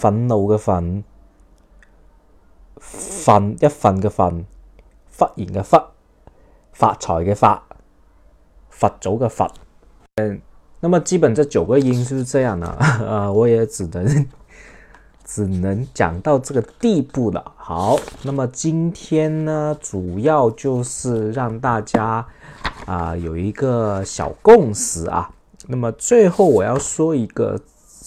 憤怒嘅憤，分一分嘅分，忽然嘅忽，發財嘅發，佛祖嘅佛。嗯，那麼基本這九個音就是這樣啦，啊、呃，我也只能，只能講到這個地步了。好，那麼今天呢，主要就是讓大家啊、呃、有一個小共識啊。那麼最後我要說一個。